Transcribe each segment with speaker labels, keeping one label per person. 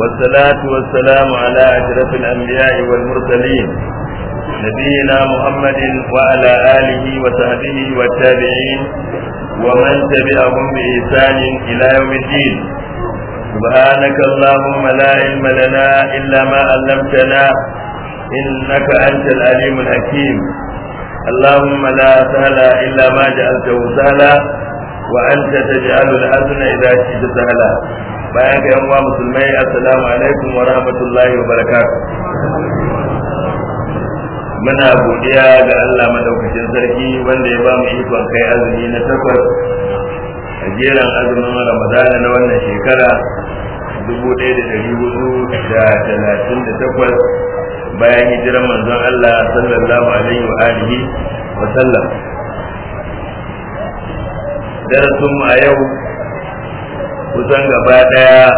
Speaker 1: والصلاة والسلام على أشرف الأنبياء والمرسلين نبينا محمد وعلى آله وصحبه والتابعين ومن تبعهم بإحسان إلى يوم الدين سبحانك اللهم لا علم لنا إلا ما علمتنا إنك أنت العليم الحكيم اللهم لا سهل إلا ما جعلته سهلا وأنت تجعل الحزن إذا شئت سهلا bayan ga yan uwa musulmai assalamu alaikum wa rahmatullahi wa barakatuh muna godiya ga Allah madaukakin sarki wanda ya ba mu ikon kai azumi na takwas a jeran azumin ramadana na wannan shekara dubu ɗaya da hudu da talatin da takwas bayan hijiran manzon Allah sallallahu alaihi wa alihi wa sallam darasin mu a yau kusan gaba daya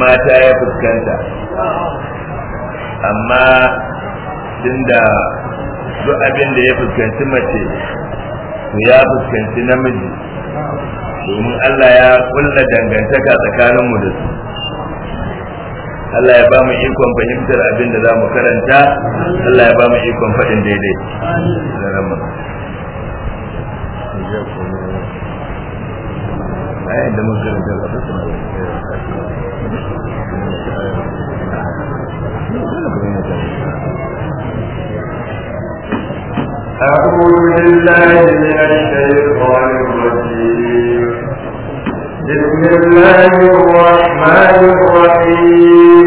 Speaker 1: mata ya fuskanta amma tunda duk abin da ya fuskanci mace to ya fuskanci namiji domin Allah ya kulla dangantaka tsakaninmu da su Allah ya ba mu ikon fahimtar abin da za mu karanta Allah ya ba mu ikon faɗin daidai
Speaker 2: ayat da muka da ba su da
Speaker 3: أعوذ بالله من الشيطان الرجيم بسم الله الرحمن الرحيم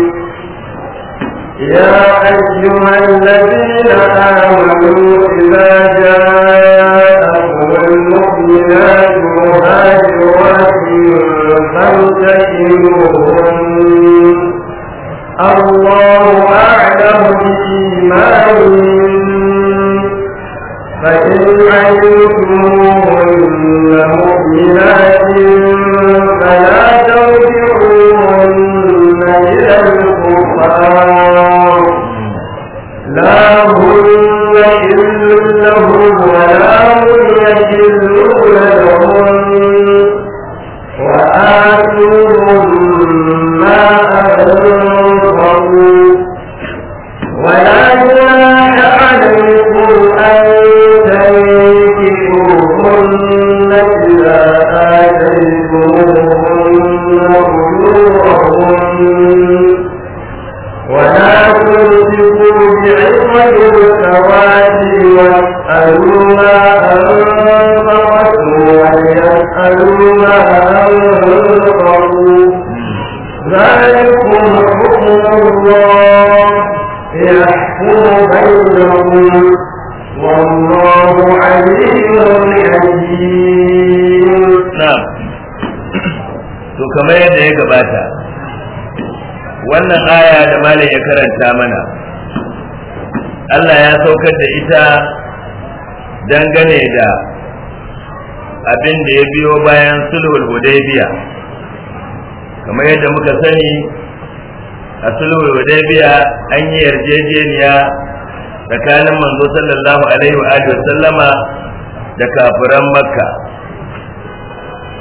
Speaker 3: يا أيها الذين آمنوا إذا جاءكم المؤمنات تجدوهن الله أعلم بإيمانهن فإن علمتموهن مؤمنات فلا ترجعوهن إلى الكفار لا هن إلا لهم ولا هن إلا
Speaker 1: ta mana Allah ya saukar da ita dangane da abin da ya biyo bayan sulhul hudaybiya kamar yadda muka sani a sulhul hudaybiya an yi yarjejeniya tsakanin manzo sallallahu alaihi wa alihi sallama da kafiran makka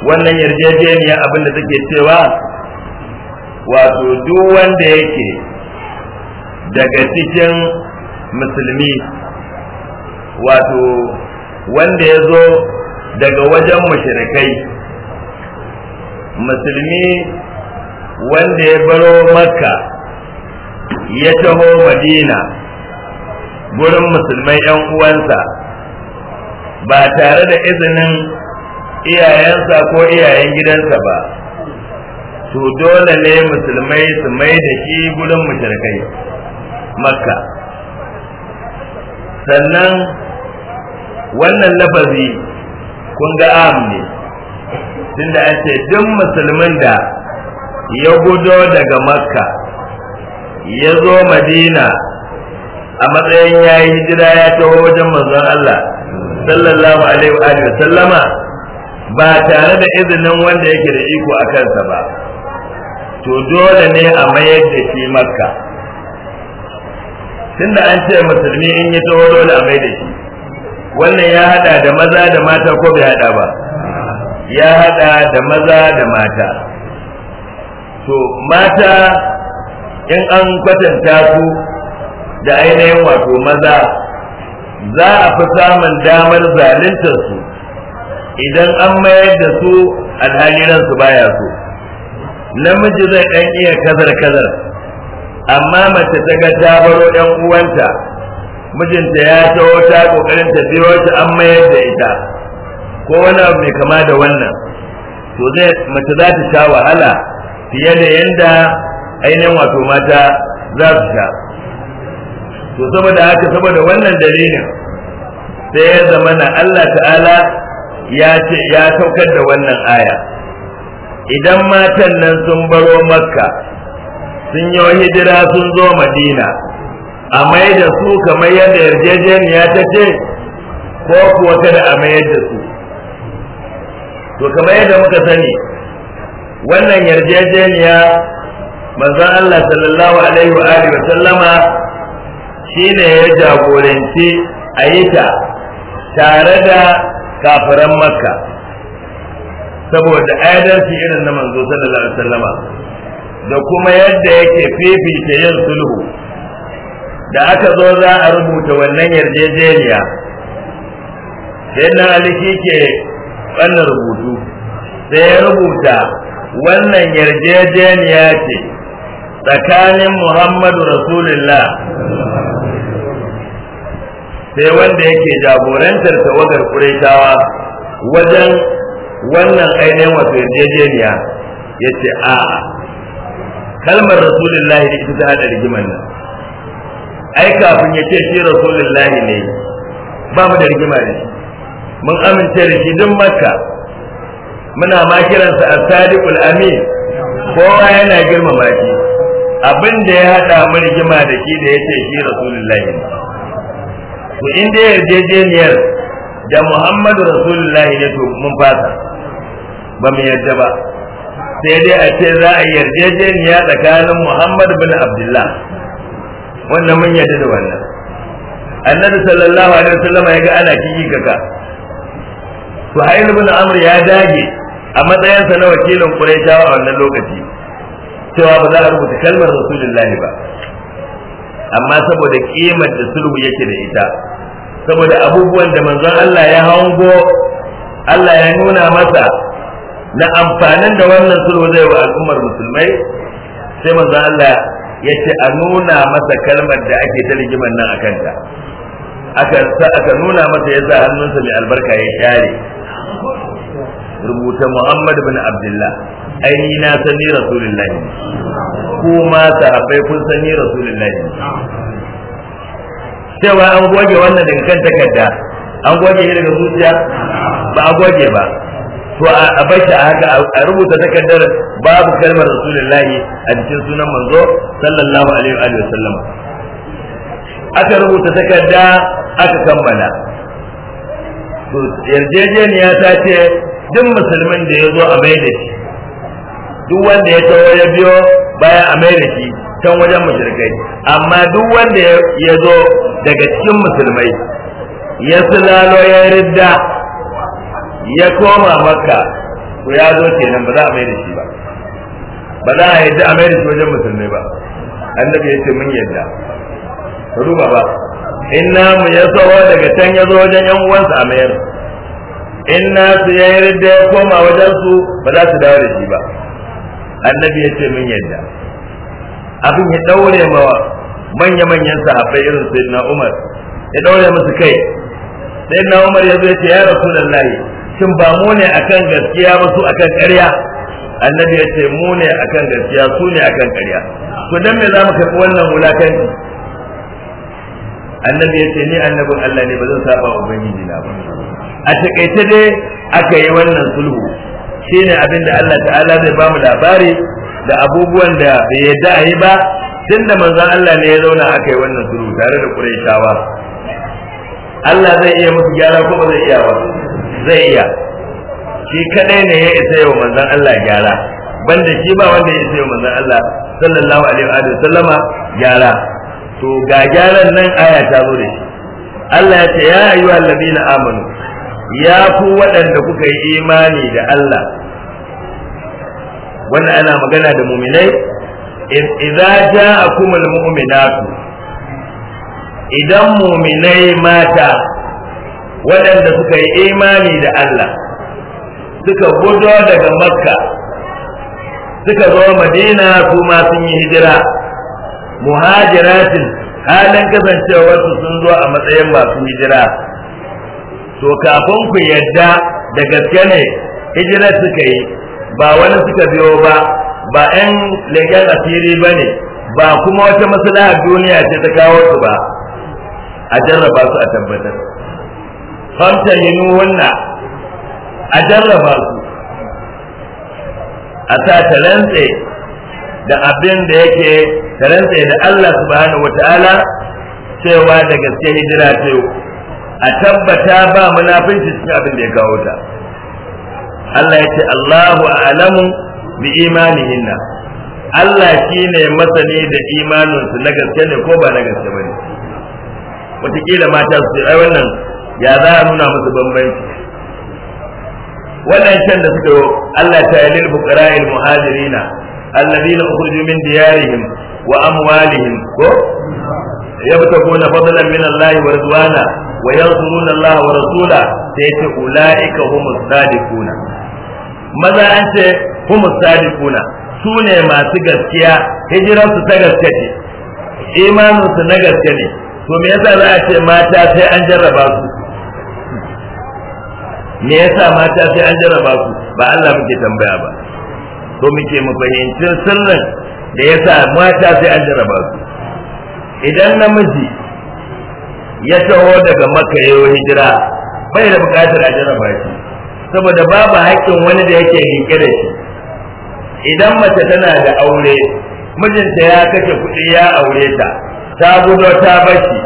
Speaker 1: wannan yarjejeniya abin da take cewa wato duk wanda yake daga cikin musulmi wato wanda ya zo daga wajen mushrikai musulmi wanda ya baro makka ya taho madina gurin musulmai 'yan uwansa ba tare da izinin iyayensa ko iyayen gidansa ba to dole ne musulmai su mai da shi gurin mashirikai. makka sannan wannan lafazi kun ga am ne tunda a ce duk musulmin da ya gudo daga makka ya zo madina a matsayin ya yi hijira ya taho wajen manzon Allah sallallahu alaihi wa sallama ba tare da izinin wanda yake da iko a kansa ba to dole ne a mayar da shi makka tunda an ce musulmi in yi taho dole a mai da shi wannan ya hada da maza da mata ko bai hada ba ya hada da maza da mata to mata in an kwatanta su da ainihin wato maza za a fi samun damar zaluntar su idan an mayar da su alhaliran baya so namiji zai ɗan iya kazar kazar amma mace ta ga ta baro ɗan uwanta mijinta ya taho ta ƙoƙarin ta biyo ta an mayar da ita ko wani abu mai kama da wannan to zai mace za ta sha wahala fiye da yanda ainihin wato mata za su sha to saboda haka saboda wannan dalilin sai ya zama na Allah ta'ala ya ce ya saukar da wannan aya idan matan nan sun baro makka sun yi hijira sun zo madina a mai da su kamar yadda yarjejeniya ta ce ko kuwa kada a mayar da su to kamar yadda muka sani wannan yarjejeniya manzon Allah sallallahu alaihi wa alihi wa sallama shine ya jagoranci a yi ta tare da kafiran makka saboda adalci irin na manzo sallallahu alaihi wa sallama da kuma yadda yake fifita yin sulhu da aka zo za a rubuta wannan yarjejeniya sai na aliki ke wannan rubutu sai ya rubuta wannan yarjejeniya ce tsakanin muhammadu rasulullah sai wanda yake jagorantar tawagar kuretawa wajen wannan ainihin wato yarjejeniya ya ce a'a kalmar rasulullahi da ita ta hada rigimar nan ai kafin ya ce shi rasulullahi ne ba mu da rigima ne. mun amince da shi duk makka muna ma kiransa as-sadiqul amin kowa yana girmama shi abin da ya hada mu rigima da shi da yace shi rasulullahi ne to inda ya yarjejeniyar da Muhammadu rasulullahi ne to mun fasa ba mu yarda ba sai dai a ce za a yarjejeniya tsakanin Muhammad bin Abdullah wannan mun yarda da wannan annabi sallallahu alaihi wasallam ya ga ana kiki kaka Suhail bin Amr ya dage a matsayinsa na wakilin Quraishawa a wannan lokaci cewa ba za a rubuta kalmar Rasulullahi ba amma saboda kimar da sulhu yake da ita saboda abubuwan da manzon Allah ya hango Allah ya nuna masa na amfanin da wannan sulhu zai wa al'ummar musulmai sai manzo Allah ya ce a nuna masa kalmar da ake ta rigiman nan a kanta aka nuna masa ya sa hannunsa mai albarka ya share rubuta Muhammad bin Abdullah aini na sani rasulullahi kuma sahabbai kun sani rasulullahi cewa an goge wannan daga kan takarda an goge irin daga zuciya ba a goge ba to a bashi a haka a rubuta takardar babu kalmar rasulullahi a cikin sunan manzo sallallahu alaihi wa sallam aka rubuta takarda aka kammala to yarjejeniya ta ce duk musulmin da ya zo a mai da shi duk wanda ya tawo ya biyo baya a mai da shi can wajen mushrikai amma duk wanda ya zo daga cikin musulmai ya sulalo ya ridda ya koma makka ko ya zo kenan ba za a mai da shi ba ba za a yadda a mai da shi wajen musulmai ba annabi ya ce mun yadda ruba ba Inna mu ya tsawo daga can ya zo wajen yan uwansa a mayar Inna su ya yi da ya koma wajen su ba za su dawo da shi ba annabi ya ce mun yadda abin ya daure ma manya-manyan sahabbai irin sayyidina umar ya daure musu kai sayyidina umar ya zo ya ce ya rasulullahi shin ba mu ne akan gaskiya ba su akan ƙarya annabi ya ce mu ne akan gaskiya su ne akan ƙarya to dan me za mu karɓi wannan wulakanci annabi ya ce ni annabin Allah ne ba zan saba wa ubangiji na ba a takaice dai aka yi wannan sulhu shine abin da Allah ta'ala zai ba mu labari da abubuwan da bai yadda a yi ba da manzon Allah ne ya zauna aka yi wannan sulhu tare da ƙuraishawa. Allah zai iya musu gyara ko ba zai iya ba zai iya shi kadai ne ya isa yau manzon Allah gyara banda shi ba wanda ya isa yau manzon Allah sallallahu alaihi wa sallama gyara to ga gyaran nan aya ta zo da shi Allah ya ce ya ayu ladina amanu ya ku waɗanda kuka yi imani da Allah wannan ana magana da muminai idza ja'akumul mu'minatu idan muminai mata waɗanda suka yi imani da Allah suka gudo daga makka suka zo madina su ma sun yi hijira muhajiratin halin kasancewarsu sun zo a matsayin masu hijira to kafin ku yadda da gaske ne hijirar suka yi ba wani suka biyo ba ba 'yan leƙen asiri ba ne ba kuma wata maslahar duniya ce ta kawo su ba a jarraba su a tabbatar yi wannan a jarraba su a sa ta rantse da abin da yake tarantse da Allah subhanahu ta’ala cewa da gaske hijira ce a tabbata ba munafinci cikin abin da ya kawo ta Allah ya Allahu a'lamu bi imanihinna Allah shi ne masani da imaninsu na gaske ne ko ba na gaske ba bane kila mata su ai wannan ya za a nuna musu bambanci wannan can da suka yi Allah ta yi lil fuqara al muhajirina alladhina ukhriju min diyarihim wa amwalihim ko yabtaguna fadlan min Allah wa ridwana wa yansuruna Allah wa rasula sai ce ulaika humus sadiquna maza an ce humus sadiquna su ne masu gaskiya hijirarsu ta gaske ce imaninsu na gaske ne to me yasa za a ce mata sai an jarraba su me yasa mata sai an jarraba ku? ba Allah muke tambaya ba ko muke mu fahimci sirrin da yasa mata sai an jarraba ku? idan namiji ya taho daga makka yau hijira bai da bukatar a jarraba shi saboda babu haƙƙin wani da yake rike da shi idan mace tana da aure mijinta ya kashe kuɗi ya aure ta ta gudo ta bashi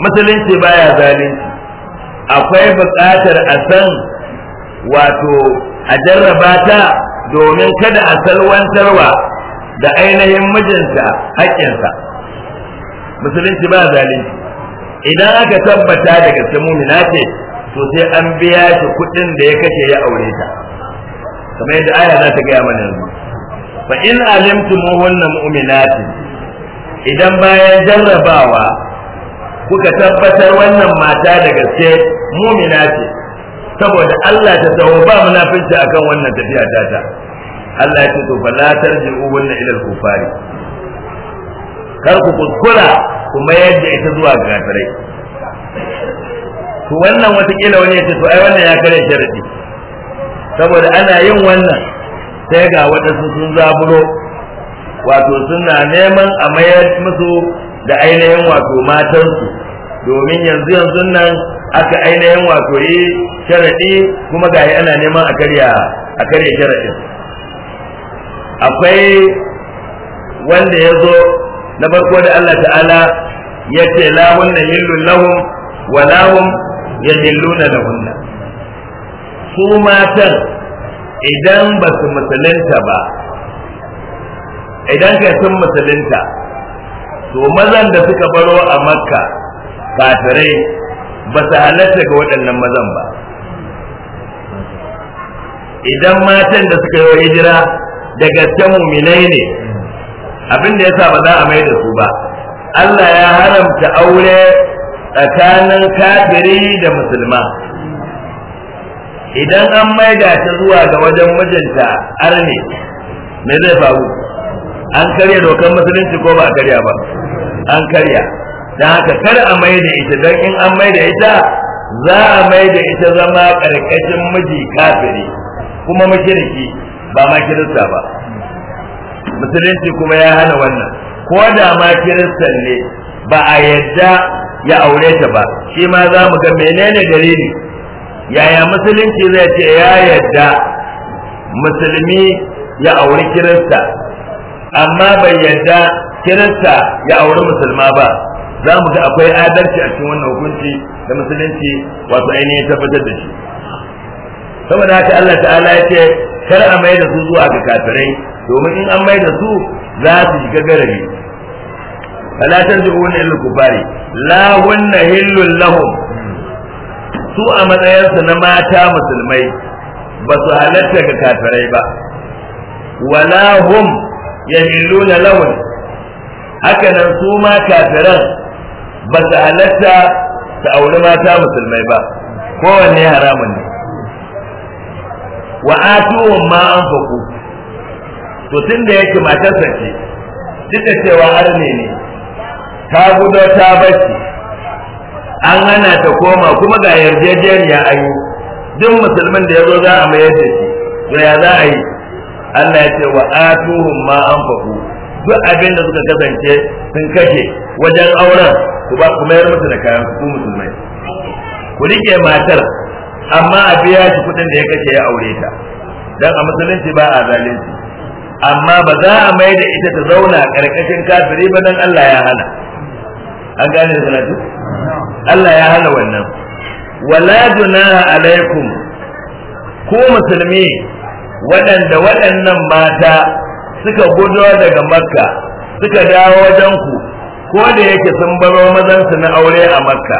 Speaker 1: musulunci baya zalunci akwai buƙatar a san wato a jarraba ta domin kada a salwantarwa da ainihin mijinta haƙƙinsa musulunci ba zalunci idan aka tabbata da gaske mumina ce to sai an biya shi kuɗin da ya kashe ya aure ta kamar yadda aya za ta gaya mana yanzu fa in alimtumuhunna mu'minatin idan bayan jarrabawa kuka tabbatar wannan mata da gaske mumina ce saboda Allah ta tsawo ba munafinci akan wannan tafiya ta ta Allah ya ce to fala tarji ubunna ila al-kufari kar ku kuskura kuma yadda ita zuwa ga kafirai to wannan kila wani ya ce to ai wannan ya kare sharadi saboda ana yin wannan sai ga waɗansu sun zaburo wato suna neman a mayar musu da ainihin wato matansu domin yanzu yanzu nan aka ainihin wato yi sharaɗi kuma ga yi ana neman a karya a karya sharaɗin akwai wanda ya zo na farko da Allah ta'ala ya ce na yin lullahun wa lahum da lahunna su matan idan ba su musulunta ba idan kai sun musulunta to mazan da suka baro a makka kafirai ba su halatta ga waɗannan mazan ba idan matan da suka yi hijira da gaske muminai ne abin da sa ba za a mai da su ba Allah ya haramta aure tsakanin kafiri da musulma idan an maida ta zuwa ga wajen mijinta arne me zai faru an karya dokar musulunci ko ba a karya ba an karya da haka kar a mai da ita don in an mai da ita za a mai da ita zama karkashin miji kafiri kuma mashiriki ba ma kirista ba musulunci kuma ya hana wannan ko da ma kiristan ne ba a yadda ya aure ta ba shi ma za mu ga menene dalili yaya musulunci zai ce ya yadda musulmi ya auri kirista amma bai yadda kirista ya auri musulma ba za mu ga akwai adalci a cikin wannan hukunci da musulunci wato ainihin tabbatar da shi saboda haka Allah ta'ala ya ce kar a mai da su zuwa ga kafirai domin in an mai da su za su shiga garabi fala tarji'una ila kufari la hunna hillul lahum su a matsayarsa na mata musulmai ba su halatta ga kafirai ba wala hum yahilluna lahum haka nan su ma kafiran ba ta halatta ta auri mata musulmai ba kowanne haramun ne wa atuhum ma anfaqu to tunda yake matarsa ce duk cewa arne ne ta gudo ta bace an hana ta koma kuma ga yarjejeniya ayi duk musulmin da ya zo za a mayar da shi to ya za a yi Allah ya ce wa atuhum ma anfaqu duk abin da suka kasance sun kashe wajen auren ku ba ku mayar musu da kayan ku musulmai ku rike matar amma a biya shi kuɗin da ya kashe ya aure ta dan a musulunci ba a zalunci amma ba za a mai da ita ta zauna karkashin kafiri ba dan Allah ya hana an gane da sanatu Allah ya hana wannan wala junaha alaikum ku musulmi waɗanda waɗannan mata suka gudu daga makka suka dawo wajen ku ko da yake sun baro mazansu na aure a makka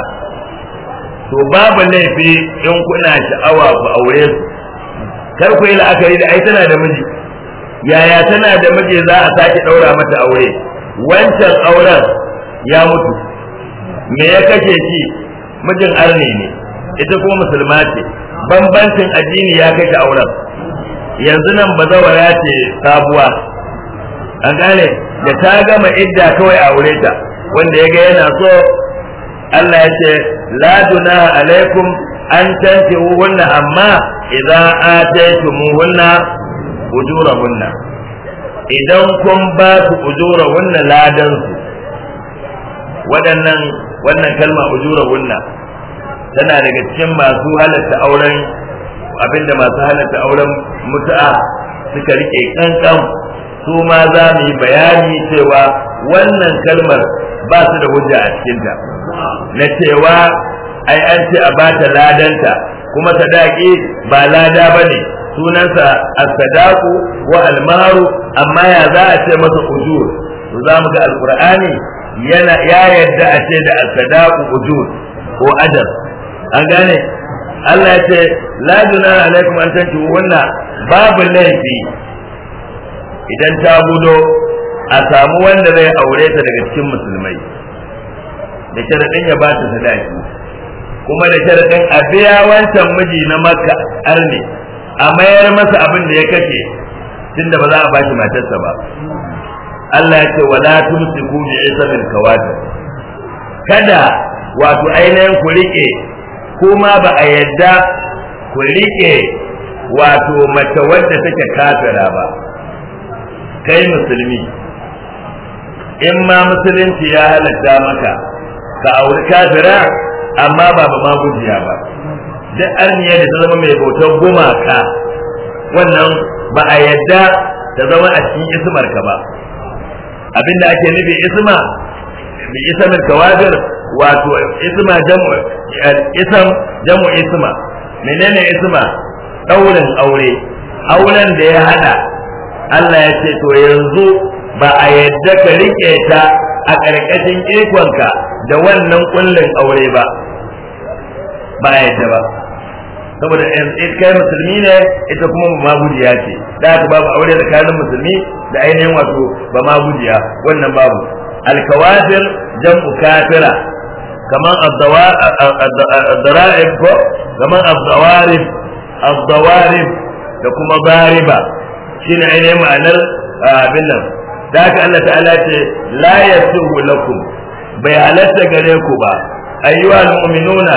Speaker 1: to babu laifi in kuna sha'awa ku aure su kar ku yi la'akari da ai tana da miji yaya tana da miji za a sake ɗaura mata aure wancan auren ya mutu me ya kashe shi mijin arne ne ita kuma musulma ce bambancin addini ya kashe auren yanzu nan bazawara ce sabuwa an gane da ta gama idda kawai a aure ta wanda ya ga yana so Allah ya ce la duna alaikum an tantihu wannan amma idza ataytumu hunna ujurahunna idan kun ba su ujurahunna ladan su waɗannan wannan kalma ujurahunna tana daga cikin masu halatta auren abinda masu halatta auren mutu'a suka rike kankan su ma za mu yi bayani cewa wannan kalmar ba su da hujja a cikinta na cewa ai an ce a bata ladanta kuma sadaki ba lada ba ne sunansa as-sadaqu wa almaru amma ya za a ce masa ujur za mu ga al-qur'ani yana ya yadda a ce da as-sadaqu ujur ko adab an gane Allah ya ce la junaha alaikum an tantu wannan babu laifi idan ta gudo a samu wanda zai aure ta daga cikin musulmai da sharaɗin ya ba ta sadaki kuma da sharaɗin a biya wancan miji na maka arne a mayar masa abin da ya kashe tunda ba za a bashi matarsa ba Allah ya ce wala tumsiku bi isabil kawata. kada wato ainihin ku rike kuma ba a yadda ku rike wato mace wadda take kafira ba kai musulmi in ma musulunci ya halatta maka ka auri kafira amma ba ba ma gujiya ba duk arniya da ta zama mai bautar gumaka wannan ba a yadda ta zama a cikin ismar ka ba abinda ake nufi isma bi ismin kawabir wato isma jam'u isam jam'u isma menene isma daurin aure auren da ya hada Allah ya ce to yanzu ba a yadda ka rike ta a ƙarƙashin ikonka da wannan kullin aure ba ba a yadda ba saboda kai musulmi ne ita kuma ba ma gujiya ce da haka babu aure tsakanin musulmi da ainihin wato ba ma gujiya wannan babu alkawafir jam'u kafira kamar ad ko kaman ad-dawarib da kuma bariba shine ainihin ma'anar abin nan da haka Allah ta'ala ce la yasuhu lakum bai halatta gare ku ba ayyuha almu'minuna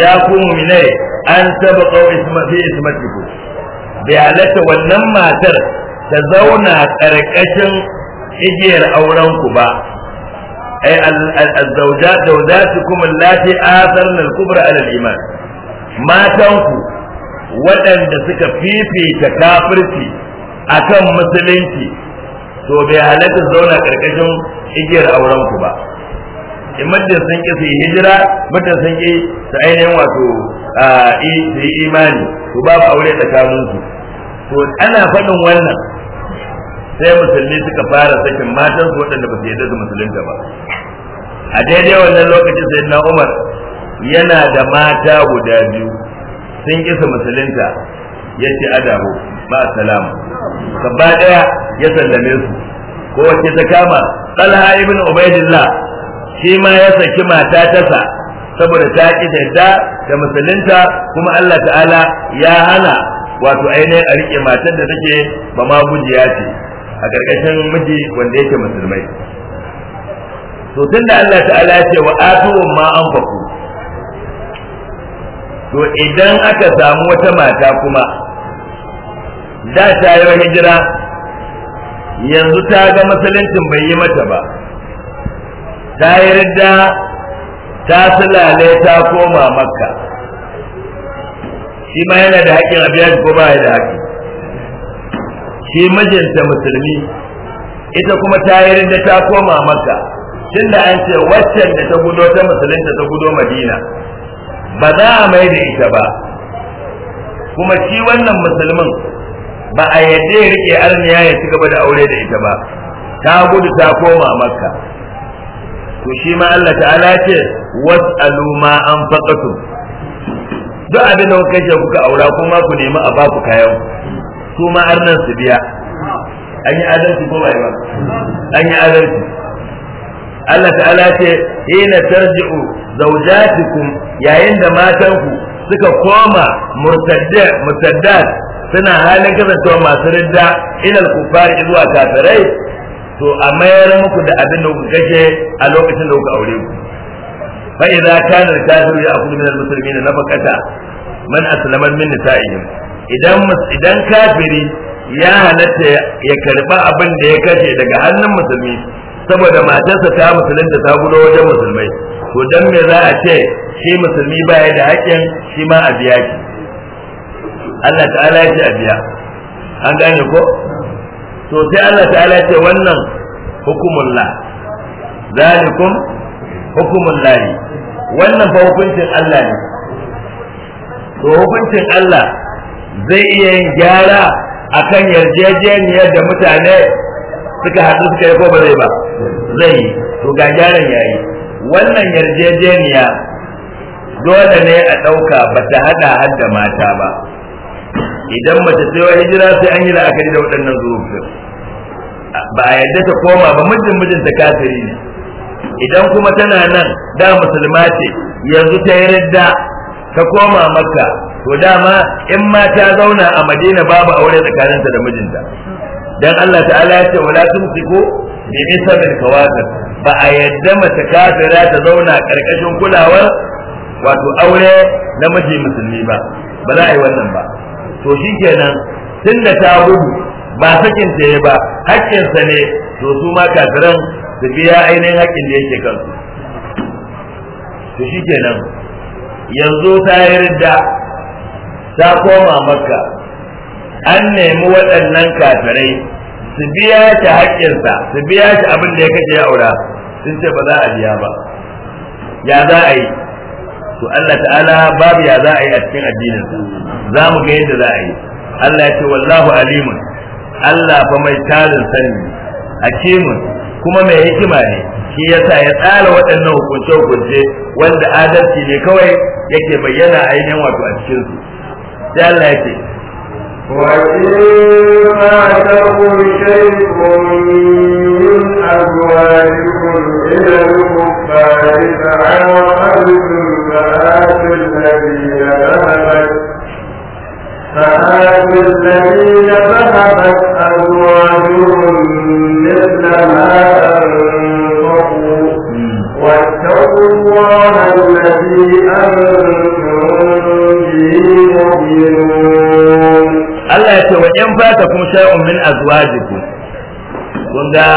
Speaker 1: ya ku mu'minai an sabaqu isma fi ismatiku bai halatta wannan matar ta zauna karkashin igiyar auren ku ba ay al-zawjat zawjatukum allati atharna al-kubra ala al-iman matan ku waɗanda suka fifita kafirci A kan musulunci to bai halatta zauna karkashin igiyar aurenku ba in mutum sun ki su yi hijira mutum sun ki su ainihin wato su yi imani to ba aure tsakanin su to ana faɗin wannan sai musulmi suka fara sakin matan su waɗanda ba su yarda da musulunta ba a daidai wannan lokacin sai na umar yana da mata guda biyu sun kisa musulunta ya ce adabu ba salama gaba daya ya sallame su ko wace ta kama talha ibn ubaidillah shi ma ya saki mata tasa saboda ta ki da da musulunta kuma Allah ta'ala ya hana wato ainihin a rike matan da take ba ma gujiya ce a ƙarƙashin miji wanda yake musulmai to tunda Allah ta'ala ya ce wa atuhum ma anfaqu to idan aka samu wata mata kuma da ta yi hijira yanzu ta ga musuluncin bai yi mata ba ta yi ridda ta sulale ta koma makka shi ma yana da haƙƙin abiyaji ko ba da haƙƙi shi mijinta musulmi ita kuma ta yi ridda ta koma makka tunda an ce waccan da ta gudo ta musulunta ta gudo madina ba za a mai da ita ba kuma shi wannan musulmin ba a yadda ya rike arniya ya ci gaba da aure da ita ba ta gudu ta koma makka to shi ma Allah ta'ala ce was'alu ma anfaqatu duk abin da kuka ce kuka aura kuma ku nemi a ba ku kayan su ma arnan su biya an yi adalci ko bai ba an yi adalci Allah ta'ala ce ina tarji'u zawjatikum yayin da matanku suka koma murtadda murtaddat suna halin kasancewa masu ridda ilal kufari zuwa kafirai to a mayar muku da abin da kuka kashe a lokacin da kuka aure ku fa idza kana al ya akulu min al nafaqata man aslama min nisa'ihim idan idan kafiri ya halatta ya karba abin da ya kashe daga hannun musulmi saboda matarsa ta musulunta ta gudo wajen musulmai to dan me za a ce shi musulmi baya da haƙƙin shi ma a biya shi Allah ta'ala ya ce a biya an gane ko to sai Allah ta'ala ya ce wannan la zalikum la wannan fa hukuncin Allah ne to hukuncin Allah zai iya yin gyara akan yarjejeniyar da mutane suka haɗu suka yi ko ba zai ba zai yi to ga gyaran yayi wannan yarjejeniya dole ne a ɗauka ba ta haɗa har da mata ba idan mace sai wa hijira sai an yi la'akari da waɗannan zurufin ba a yadda ta koma ba mijin ta kafiri ne idan kuma tana nan da musulma ce yanzu ta yi radda ta koma makka to dama in ma ta zauna a madina babu aure tsakaninta da mijinta dan Allah ta'ala ya ce wala tumsiku bi isabil kawakib ba a yadda mace kafira ta zauna karkashin kulawar wato aure na miji musulmi ba ba za a yi wannan ba to shi tun da ta gudu ba sakin ta yi ba hakkinsa ne to su ma kafiran su biya ainihin haƙƙin da yake kansu to shi kenan yanzu ta yi ridda ta koma makka an nemi waɗannan kafirai su biya shi hakkinsa su biya shi abin da ya kashe aura sun ce ba za a biya ba ya za a yi to Allah ta'ala babu ya za a yi a cikin addinin za mu ga yadda za a yi Allah ya ce wallahu alimun Allah fa mai tarin sani hakimun kuma mai hikima ne shi yasa ya tsara waɗannan hukunce hukunce wanda adalci ne kawai yake bayyana ainihin wato a cikin su sai Allah ya ce وإن
Speaker 3: فاتكم شيء من أزواجكم إلى الكفار فعاقبتم فآتوا الذين ذهبت فآتوا الذين ذهبت أزواجهم مثل ما أنفقوا واتقوا الله الذي
Speaker 1: أنتم به مؤمنون Allah ya ce wa in fata kun sha'un min azwajiku kun ga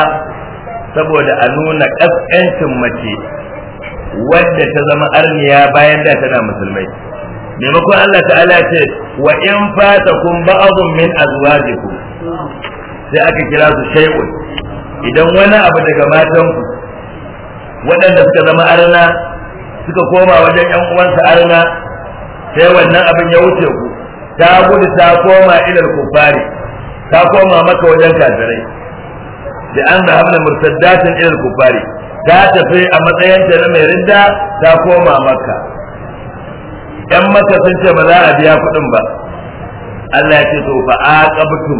Speaker 1: saboda a nuna kaskancin mace wadda ta zama arniya bayan da tana musulmai maimakon Allah ta'ala ce wa in fata kun ba'adun min azwajiku sai aka kira su shay'un idan wani abu daga matanku waɗanda suka zama arna suka koma wajen yan uwansa arna sai wannan abin ya wuce ku ta gudu ta koma ilal kufari ta koma maka wajen kafirai da an da hamna murtaddatin ilal kufari ta tafi a matsayin ta na mai rinda ta koma maka yan maka sun ce ba za a biya kuɗin ba Allah ya ce to fa aqabtum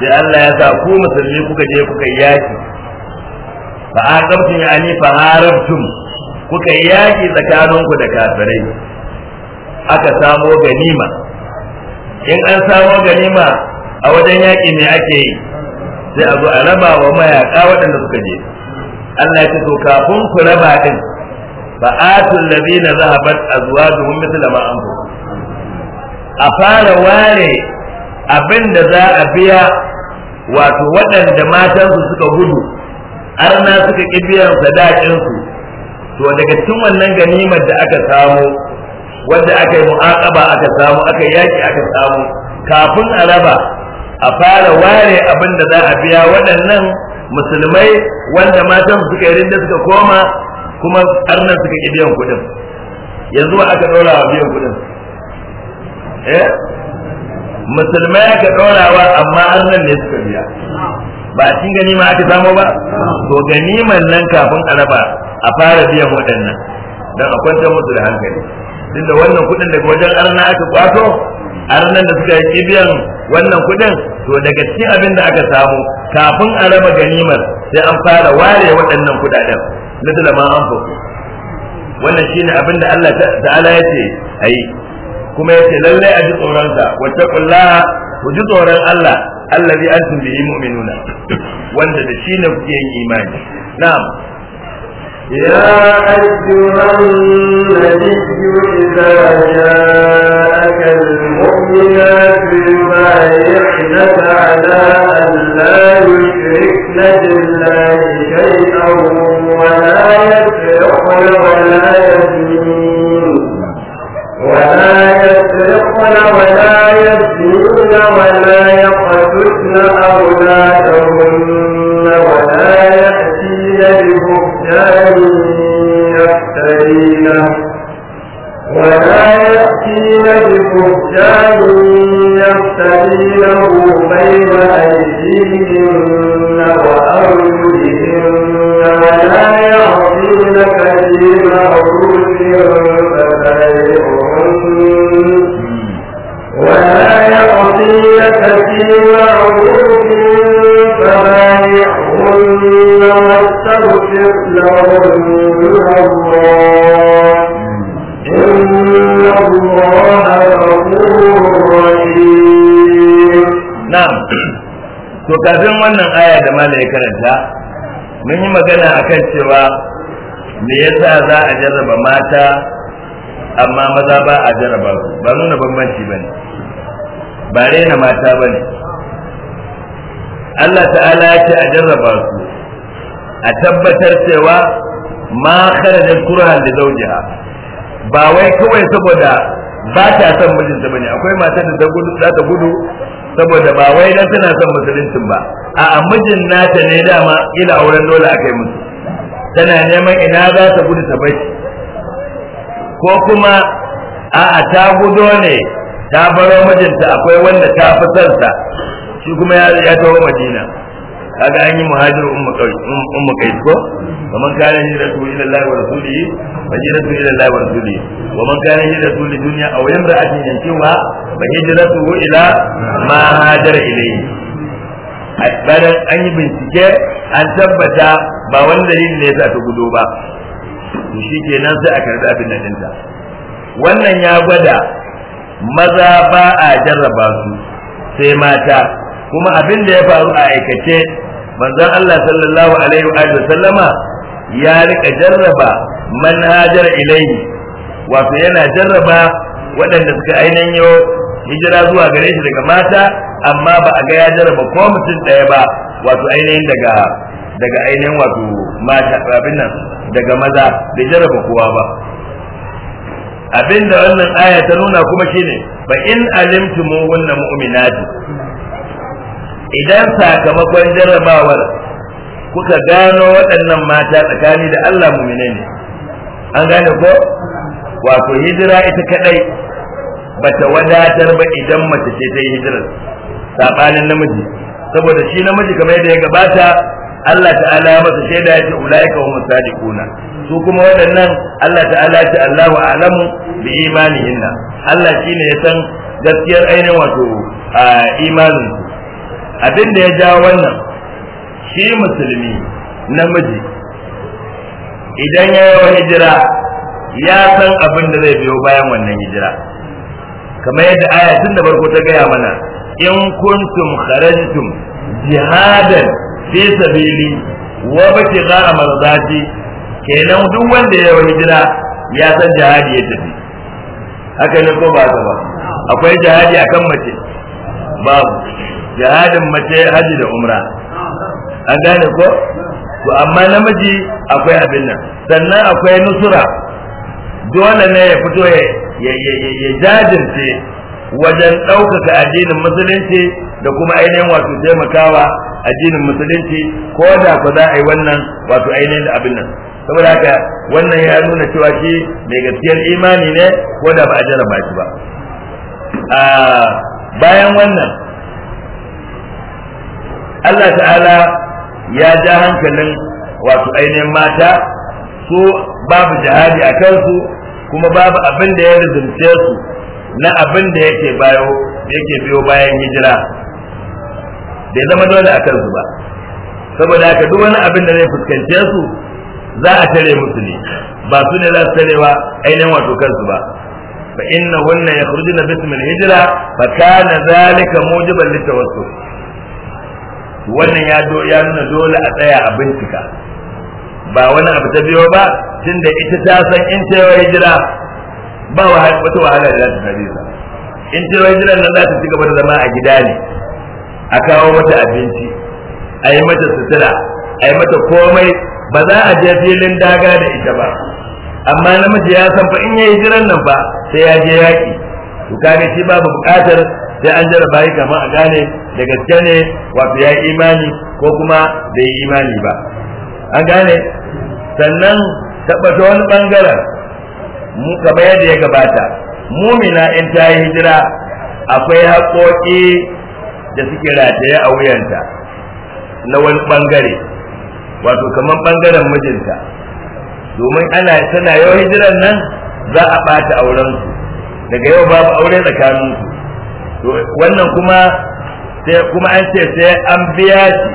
Speaker 1: da Allah ya sa ku musulmi kuka je kuka yaki fa aqabtum ani fa harabtum kuka yaki tsakaninku da kafirai aka samo ganima in an samo ganima a wajen yaƙi ne ake yi sai a zo a raba wa mayaƙa waɗanda suka je Allah ya to kafin ku raba din fa atul ladina zahabat azwajuhum mithla ma anfu a fara ware abin da za a biya wato waɗanda matansu suka gudu arna suka ƙi biyan sadakinsu to daga cikin wannan ganimar da aka samo wanda aka yi mu'aqaba aka samu aka yaki aka samu kafin a raba a fara ware abin da za a biya waɗannan musulmai wanda matan suka yi rinda suka koma kuma arnan suka ki biyan kuɗin yanzu aka ɗora wa biyan kuɗin eh musulmai aka ɗora wa amma arnan ne suka biya ba a cin ganima aka samu ba to ganiman nan kafin a raba a fara biyan waɗannan don a kwantar musu da hankali tunda wannan kudin daga wajen arna aka kwato arnan da suka yi kibiyan wannan kudin to daga cikin abin da aka samu kafin a raba ganimar sai an fara ware waɗannan kudaden misal ma an wannan shine abin da Allah ta'ala ya ce yi, kuma ya ce lallai a ji tsoronsa wata kullaha ku ji tsoron Allah allazi antum bihi mu'minuna wanda da shi ne kuke yin imani na'am يا
Speaker 3: أيها النبي إذا جاءك المؤمنات يبايعنك على
Speaker 1: mata mun yi magana akan cewa me yasa za a jarraba mata amma maza ba a jarraba su ba nuna bambanci bane ba rena mata bane Allah ta'ala ya ce a jarraba su a tabbatar cewa ma kharaja kurhan da zawjiha ba wai kawai saboda ba ta son mijinta bane akwai matar da za ta gudu saboda ba wai dan tana son musuluncin ba a mijin nata ne dama ila auren dole a kai musu tana neman ina za ta gudu ta bai ko kuma a'a ta gudo ne ta baro mijinta akwai wanda ta fi sansa shi kuma ya tawo madina kaga an yi muhajir ummu kai ko kaman kana yi rasul ila Allah wa rasuli wa hijratu ila Allah wa rasuli wa man kana yi rasul dunya aw ba yantiwa fa hijratu ila ma hajar ilayhi bayan an yi bincike an tabbata ba wani dalili ne za ta gudu ba to shikenan sai a karbi abin nan ɗinta wannan ya gwada maza ba a jarraba su sai mata kuma abin da ya faru a aikace manzon Allah sallallahu alaihi wa sallama ya rika jarraba manhajar ilaihi wato yana jarraba waɗanda suka ainihin hijira zuwa gare shi daga mata amma ba a ga ya jaraba ko mutum ɗaya ba wato ainihin daga daga ainihin wato mata abin nan daga maza bai jaraba kowa ba abinda wannan aya ta nuna kuma shine ba in mu wannan mu'minatu idan sakamakon jarabawar kuka gano waɗannan mata tsakani da Allah mu'minai ne an gane ko wato hijira ita kadai bata wadatar ba idan mace ce ta yi hijirar sabanin namiji saboda shi namiji kamar yadda ya gabata Allah ta'ala ya masa shaida ya ce ulaika hum sadiquna su kuma waɗannan Allah ta'ala ya ce Allahu a'lamu bi imanihinna Allah shine ya san gaskiyar ainihin wato a imanin abin da ya ja wannan shi musulmi namiji idan ya yi hijira ya san abin da zai biyo bayan wannan hijira kamar yadda aya tun da farko ta gaya mana in kuntum kharajtum jihadan fi sabili wa batiqa marzati kenan duk wanda ya yi hijira ya san jihadi ya tafi haka ne ko ba ba akwai jihadi akan mace babu jihadin mace haji da umra an gane ko to amma namiji akwai abin nan sannan akwai nusura dole ne ya fito ya jajirce wajen ɗaukaka addinin musulunci da kuma ainihin wato taimakawa addinin musulunci ko da ku za a yi wannan wato ainihin da abin nan saboda haka wannan ya nuna cewa shi mai gaskiyar imani ne ko da ba a jarraba shi ba bayan wannan Allah ta'ala ya ja hankalin wato ainihin mata su babu jihadi a kansu kuma babu abin da ya rizumce su na abin da yake bayo yake biyo bayan hijira bai zama dole a su ba saboda haka duk wani abin da zai fuskance su za a tare musu ne ba su ne za su tarewa ainihin wato kansu ba fa inna hunna yakhrujuna bismi al-hijra fa kana zalika mujiban litawassul wannan ya ya nuna dole a tsaya a bincika ba wani abu ta biyo ba tunda ita ta san in cewa ya jira ba wata wahala da za ta same sa in cewa ya jira nan za ta ci gaba da zama a gida ne a kawo mata abinci a yi mata sutura a yi mata komai ba za a je filin daga da ita ba amma namiji ya san fa in yayi jiran nan ba sai ya je yaki to kage shi babu bukatar sai an jira bai kamar a gane da gaske ne wa ya imani ko kuma bai imani ba an gane sannan tabbata wani bangaren mu kamar yadda ya gabata mumina in ta yi hijira akwai haƙoƙi da suke rataye a wuyanta na wani bangare wato kamar bangaren mijinta domin ana tana yau hijiran nan za a ɓata aurensu daga yau babu aure tsakaninsu wannan kuma sai kuma an ce sai an biya shi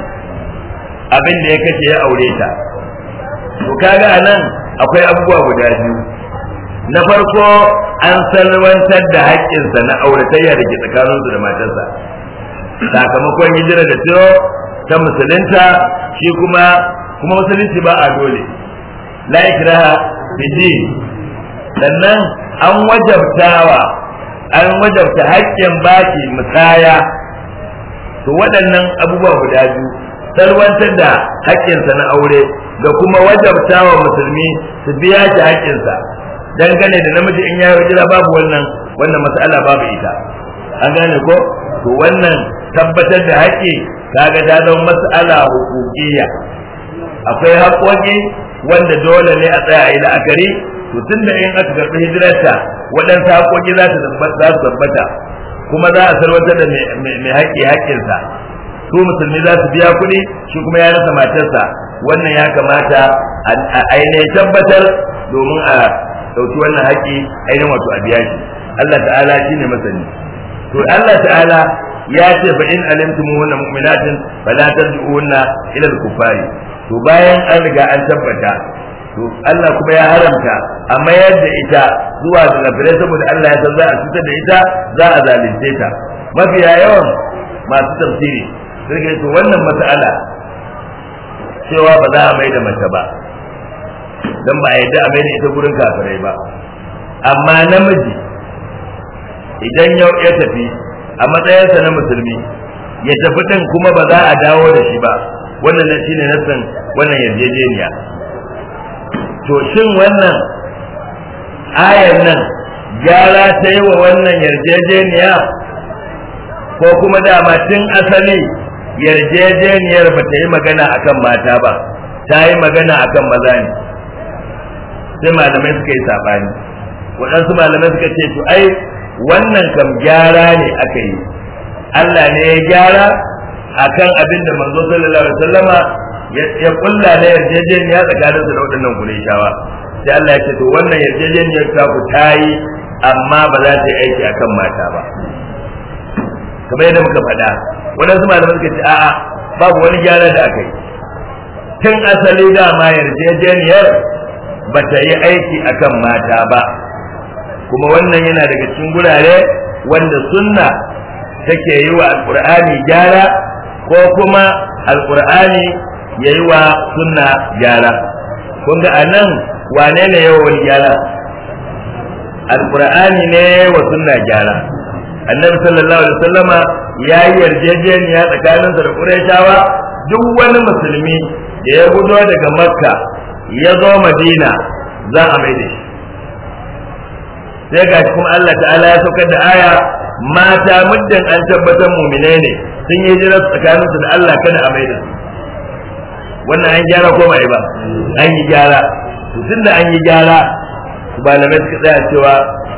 Speaker 1: abin da ya kace ya aure ta to kaga anan akwai abubuwa guda biyu na farko an salwantar da haƙƙinsa na auratayya da ke tsakaninsu da matarsa sakamakon hijira da tiro ta musulunta shi kuma kuma musulunci ba a dole la ikraha fi sannan an wajabtawa an wajabta haƙƙin baki musaya to waɗannan abubuwa guda biyu salwantar da haƙƙinsa na aure da kuma wajabta wa musulmi su biya shi haƙƙinsa dangane da namiji in ya jira babu wannan wannan mas'ala babu ita an gane ko to wannan tabbatar da haƙƙi kaga ta zama mas'ala hukukiyya akwai haƙƙoƙi wanda dole ne a tsaya a yi la'akari to da in aka karɓi hijirarta waɗansu haƙƙoƙi za su tabbata kuma za a sarwatar da mai haƙƙi haƙƙinsa su musulmi za su biya kuɗi shi kuma ya rasa matarsa wannan ya kamata a ainihin tabbatar domin a dauki wannan haƙƙi ainihin wato a biya shi Allah ta'ala shi ne masani to Allah ta'ala ya ce fa in alimtum hunna mu'minatin fala tarji'unna ila al-kuffari to bayan an riga an tabbata to Allah kuma ya haramta a mayar da ita zuwa da saboda Allah ya san za a cutar da ita za a zalunce ta mafiya yawan masu tafsiri sai to wannan mas'ala cewa ba za a mai da mace ba don ba a yadda a mai da ita gurin kafirai ba amma namiji idan yau ya tafi a matsayinsa na musulmi ya tafi ɗin kuma ba za a dawo da shi ba wannan na shine san wannan yarjejeniya to shin wannan ayan nan gyara ta yi wa wannan yarjejeniya ko kuma dama tun asali yarjejeniyar ba ta yi magana a kan mata ba ta yi magana a kan maza ne sai malamai suka yi saɓani. waɗansu malamai suka ce su ai wannan kam gyara ne aka yi Allah ne ya gyara a kan abin da manzo sallallahu alaihi wasallama ya kulla na yarjejeniya tsakanin su da waɗannan kureshawa sai Allah ya ce to wannan yarjejeniyar ta ku ta yi amma ba za ta yi aiki akan mata ba kamar yadda muka faɗa waɗansu malaman suka ce a'a babu wani gyara da aka yi tun asali dama yarjejeniyar ba ta yi aiki akan mata ba kuma wannan yana daga cikin gurare wanda sunna take yi wa alƙur'ani gyara ko kuma alƙur'ani ya yi wa sunna gyara kun ga nan wane ne yawa gyara alƙur'ani ne wa sunna gyara annabi sallallahu alaihi wasallama ya yi yarjejeniya tsakaninsa da qurayshawa duk wani musulmi da ya gudo daga makka ya zo madina za a mai da shi sai ga kuma Allah ta'ala ya saukar da aya mata muddin an tabbatar muminai ne sun yi jira tsakaninsu da Allah kada a mai da su wannan an gyara ko mai ba an yi gyara to da an yi gyara malamai suka tsaya cewa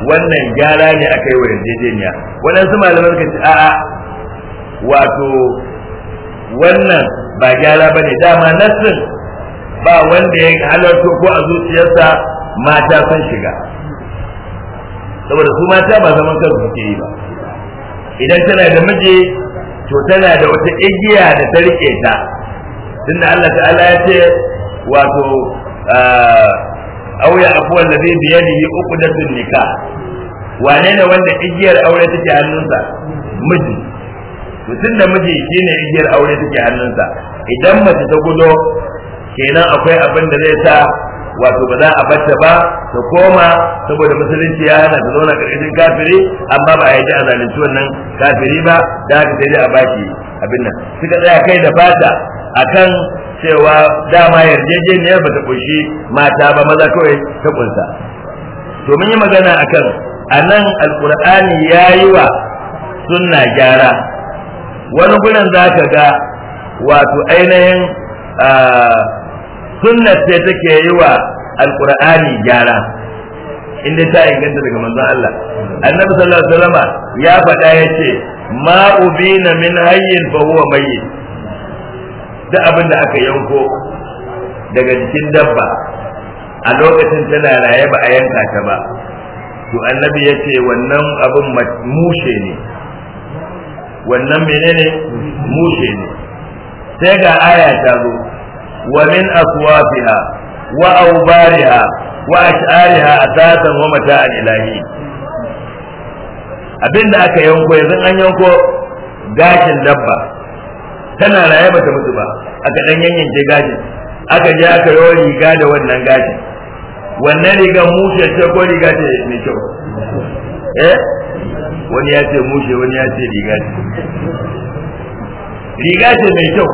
Speaker 1: wannan gyara ne aka yi wa yarjejeniya waɗansu malamai suka ce a'a wato wannan ba gyara ba ne dama nasin ba wanda ya halarto ko a zuciyarsa mata sun shiga saboda su mata ba zaman kansu suke yi ba idan tana da miji to tana da wata igiya da ta rike ta tunda Allah ta'ala ya ce wato ah, aw ya afuwa alladhi bi yadihi uqdatun nika wane ne wanda igiyar aure take hannunsa miji mutum da miji shine igiyar aure take hannunsa idan mace ta gudo kenan akwai abin da zai sa wato ba za a bata ba ta koma saboda musulunci ya hana ta zauna karkashin kafiri amma ba a yi a zalunci wannan kafiri ba da haka sai dai a baki abin nan suka tsaya kai da fata akan cewa dama yarjejeniyar ba ta kunshi mata ba maza kawai ta kunsa to mun yi magana akan anan alqur'ani yayiwa sunna gyara wani gurin zaka ga wato ainihin sunna ce take yiwa wa alqur'ani gyara inda ta inganta daga manzon Allah annabi sallallahu alaihi wasallama ya faɗa yace ma ubina min hayyin fa huwa mayyit duk abin da aka yanko daga jikin dabba a lokacin tana raye ba a yanka ta ba to annabi ya ce wannan abin mushe ne wannan menene mushe ne sai ga aya ta zo wa min aswafiha wa awbariha wa ash'ariha asasan wa mata'an ilahi abinda aka yanko yanzu an yanko gashin dabba tana raye bata mutu ba aka dan yanyanke gaji aka je aka yi riga da wannan gaji wannan riga mushe ce ko riga ce mai kyau eh wani ya ce mushe wani ya ce riga ce riga ce mai kyau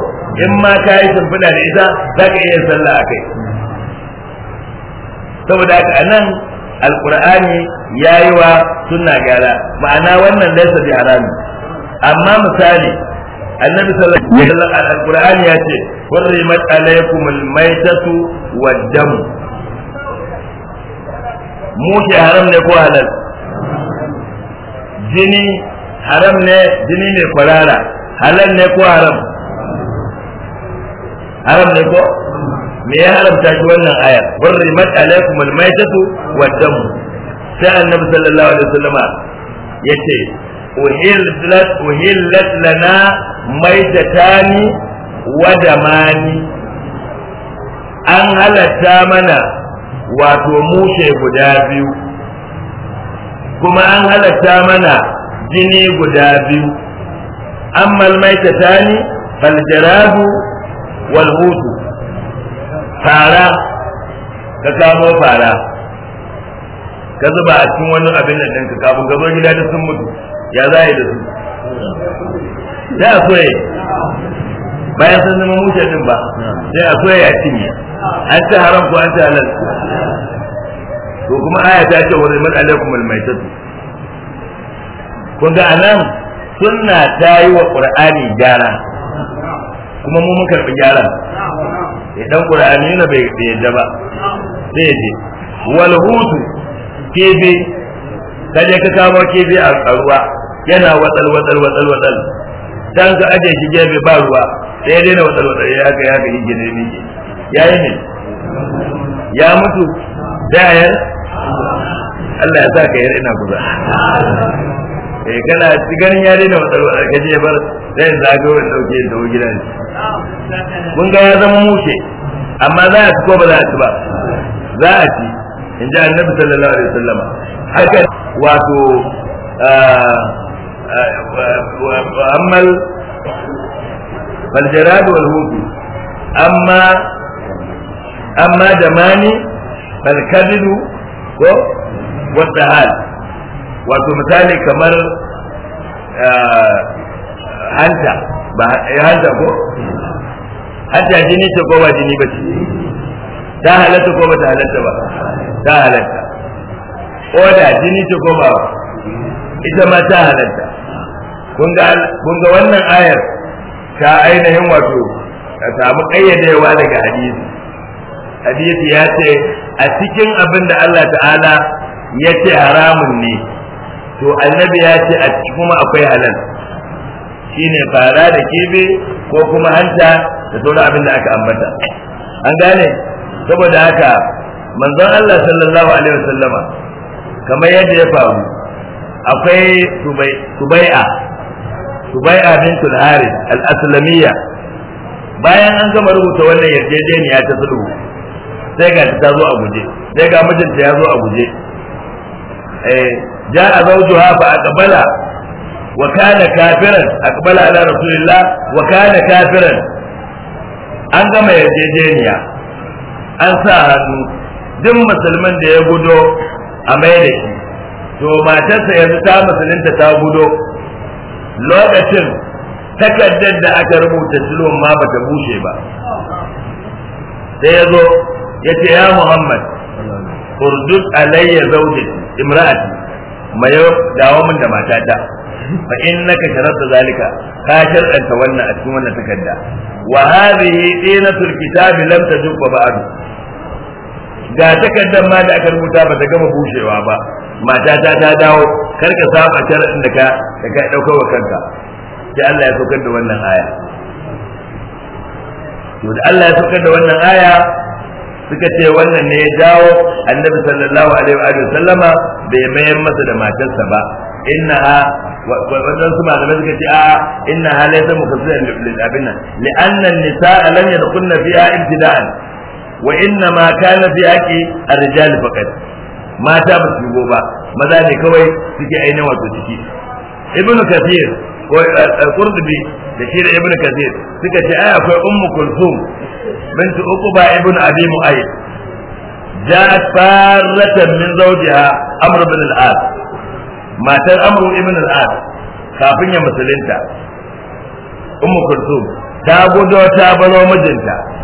Speaker 1: in ma ka yi shimfiɗa da ita za ka iya sallah a kai saboda haka anan alkur'ani ya yi wa sunna gyara ma'ana wannan laisa bi harami amma misali annabi sallallahu alaihi wasallam alqur'ani ya hurrimat alaykum almaytatu wad-dam haram ne ko halal jini haram ne jini ne kwarara halal wannan aya hurrimat alaykum almaytatu sai annabi sallallahu alaihi yace uhillat maitatani wa damani an halatta mana wato mushe guda biyu kuma an halatta mana jini guda biyu amma maitatani fal jarabu wal fara ka kamo fara ka zuba a cikin wani abin da ka kafin ka zo gida da sun mutu ya za da su sai a soya bayan sun zama mushe din ba sai a ya a cinye an ci haram ko an ci halal to kuma aya ta ce wa rimar alaikum almaitat kun ga anan sunna ta yi wa qur'ani gyara kuma mu mun karbi gyara idan qur'ani na bai yadda ba sai je wal hutu kebe kaje ka kawo kebe a ruwa yana watsal watsal watsal watsal dan ka aje shi gefe ba ruwa sai dai na watsar watsar ya ga ya ga yin gine ne ya yi ne ya mutu dayar Allah ya sa ka yi ina kuza eh kana ci ganin ya daina watsar watsar ka je bar sai zago wani dauke da gidan
Speaker 2: shi mun
Speaker 1: ga ya zama mushe amma za a ci ko ba za a ci ba za a ci in ji annabi sallallahu alaihi wasallama haka wato ah, واما فالجراد والهوبي اما اما دماني فالكذب والدهال wato misali kamar hanta hanta ko hanta jini ce ko jini ba ta halatta ko ba halatta ba ta halatta oda jini ma ta halatta kun ga wannan ayar ta ainihin wato ta samu ƙayyadewa daga hadisi hadisi ya ce a cikin abin da Allah ta'ala ya ce haramun ne to annabi ya ce a cikin kuma akwai halal shine fara da kebe ko kuma hanta da sauran abin da aka ambata an gane saboda haka manzon Allah sallallahu alaihi wasallama kamar yadda ya faru akwai subai'a Subai'a bin al al-Aslamiyya bayan an gama rubuta wannan yarjejeniya ta sulhu sai ga ta zo a guje sai ga mijinta ya zo a guje eh ja'a zawjuha fa aqbala wa kana kafiran aqbala ala rasulillah wa kana kafiran an gama yarjejeniya an sa hannu duk musulmin da ya gudo a mai da shi to matarsa yanzu ta musulunta ta gudo lokacin takardar da aka rubuta silon ma bata bushe ba sai ya zo ya ce ya muhammad urdud alayya zawjati imra'ati mai dawo min da matata fa innaka sharatta zalika ka sharɗanta wannan a cikin wannan takarda wa hadhihi dinatul kitabi lam tajubba ba'du ga takardar ma da aka rubuta ba ta gama bushewa ba mata ta ta dawo kar ka saba sharadin da ka da ka dauka wa kanka sai Allah ya saukar da wannan aya to da Allah ya saukar da wannan aya suka ce wannan ne ya dawo, annabi sallallahu alaihi wa sallama bai mayar masa da matarsa ba Inna ha, wannan su malamai suka ce a innaha laysa mukhasiran lil abinna li anna an-nisaa lam yadkhulna fiha ibtida'an wa inna ma kana fi aki ar-rijal faqat mata ba su shigo ba maza ne kawai suke aina wato ciki ibnu kathir ko eh, eh, qurdubi da shi da ibnu kathir suka ce ai akwai ummu kulthum bint uquba ibnu abi mu'ayyid جاءت min zawjiha amr ibn al-as matar amru ibn al-as kafin ya musulunta ummu kulthum ta gudo ta balo mijinta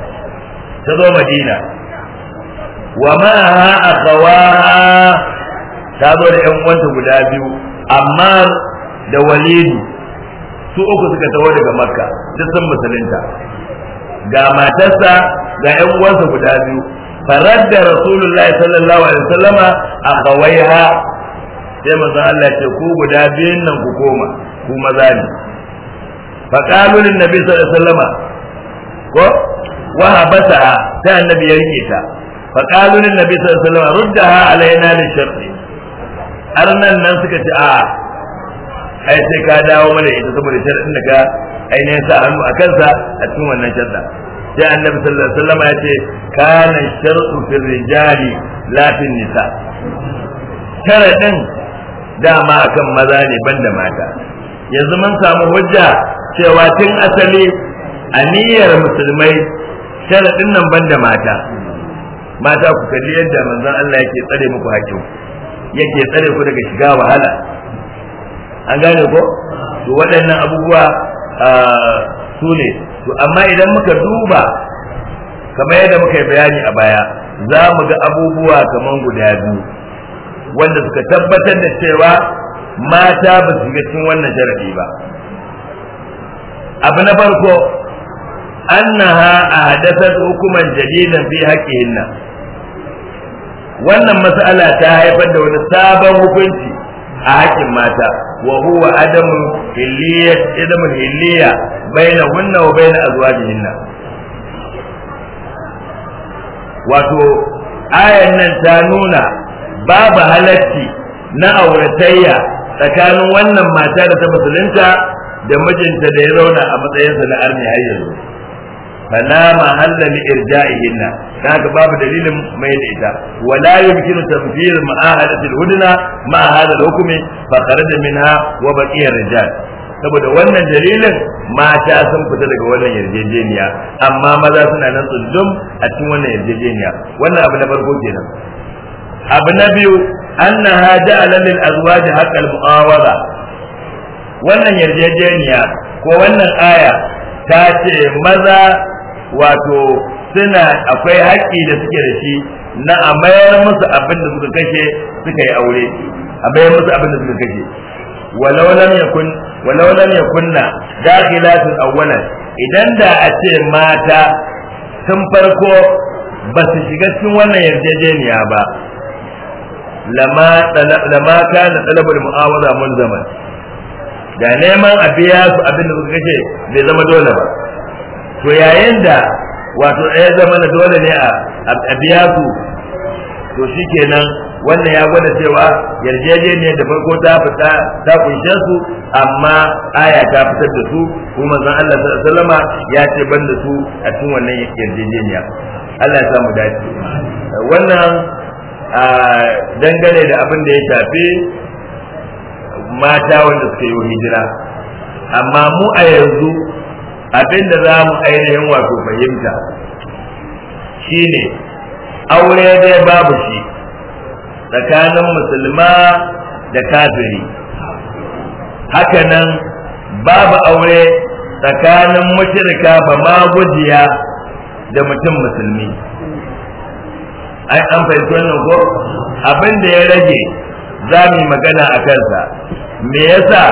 Speaker 1: ta zo madina wa ma'aha akhawaha ta zo da 'yan uwanta guda biyu amma da walidu su uku suka taho daga makka duk sun musulunta ga matarsa ga 'yan uwansa guda biyu farar da rasulullahi sallallahu alaihi wasallama ha, sai manzon Allah ce ku guda biyun nan ku koma ku maza ne fa qalu lin nabi sallallahu alaihi wasallama ko wa habasa sai annabi ya rike ta fa qalu lin nabi sallallahu alaihi wasallam ruddaha alaina li sharri arnan nan suka ce a ai sai ka dawo mana ita saboda sharadin da ka ainihin sa hannu a kansa a cikin wannan sharda sai annabi sallallahu alaihi wasallam ya ce kana shartu fil rijali la fil nisa sharadin dama akan maza ne banda mata yanzu mun samu hujja cewa tun asali aniyar musulmai din nan banda mata mata ku kalli yadda manzon Allah yake tsare muku hakki yake tsare ku daga shiga wahala an gane ko to waɗannan abubuwa su ne to amma idan muka duba kamar yadda muka yi bayani a baya za mu ga abubuwa kamar guda biyu wanda suka tabbatar da cewa mata ba su shiga cikin wannan jarabi ba abu na farko annaha ahdathat hukuman jadidan fi haqqihinna wannan mas'ala ta haifar da wani sabon hukunci a haƙƙin mata wa huwa adamu hilliya adamu hilliya baina hunna wa baina azwajihinna wato ayan nan ta nuna babu halatti na auratayya tsakanin wannan mata da ta musulunta da mijinta da ya zauna a matsayinsa na arni har yanzu fala mahalla li irja'ihinna kaga babu dalilin mai da ita wala yumkinu tanfir ma'ahadati al-hudna ma hada al-hukmi fa kharaja minha wa baqiya rijal saboda wannan dalilin mata sun fita daga wannan yarjejeniya amma maza suna nan tsundum a cikin wannan yarjejeniya wannan abu na farko kenan abu na biyu annaha ja'ala lil azwaj haqqal mu'awada wannan yarjejeniya ko wannan aya ta ce maza wato suna akwai haƙƙi da suke da shi na a mayar musu abin da suka kashe suka yi aure a mayar musu abin da suka kashe walau lam yakun walau lam yakunna awwalan idan da a ce mata tun farko ba su shiga cikin wannan yarjejeniya ba lama kana talabul mu'awaza mun zaman da neman a biya su abin da suka kashe bai zama dole ba to yayin da wato ɗaya zama na dole ne a biya su to shi kenan wannan ya gwada cewa yarjejeniyar da farko ta fita ta kunshe su amma aya ta fitar da su kuma zan Allah sallama ya ce ban da su a cikin wannan yarjejeniya Allah ya samu dace wannan dangane da abin da ya shafi mata wanda suka yi hijira amma mu a yanzu Abin da za mu ainihin wato fahimta ne, aure dai babu shi tsakanin musulma da kafiri hakanan babu aure tsakanin mashirka ba ma gujiya da mutum musulmi ai an fahimci wannan ko abin da ya rage za mu yi magana a kansa me yasa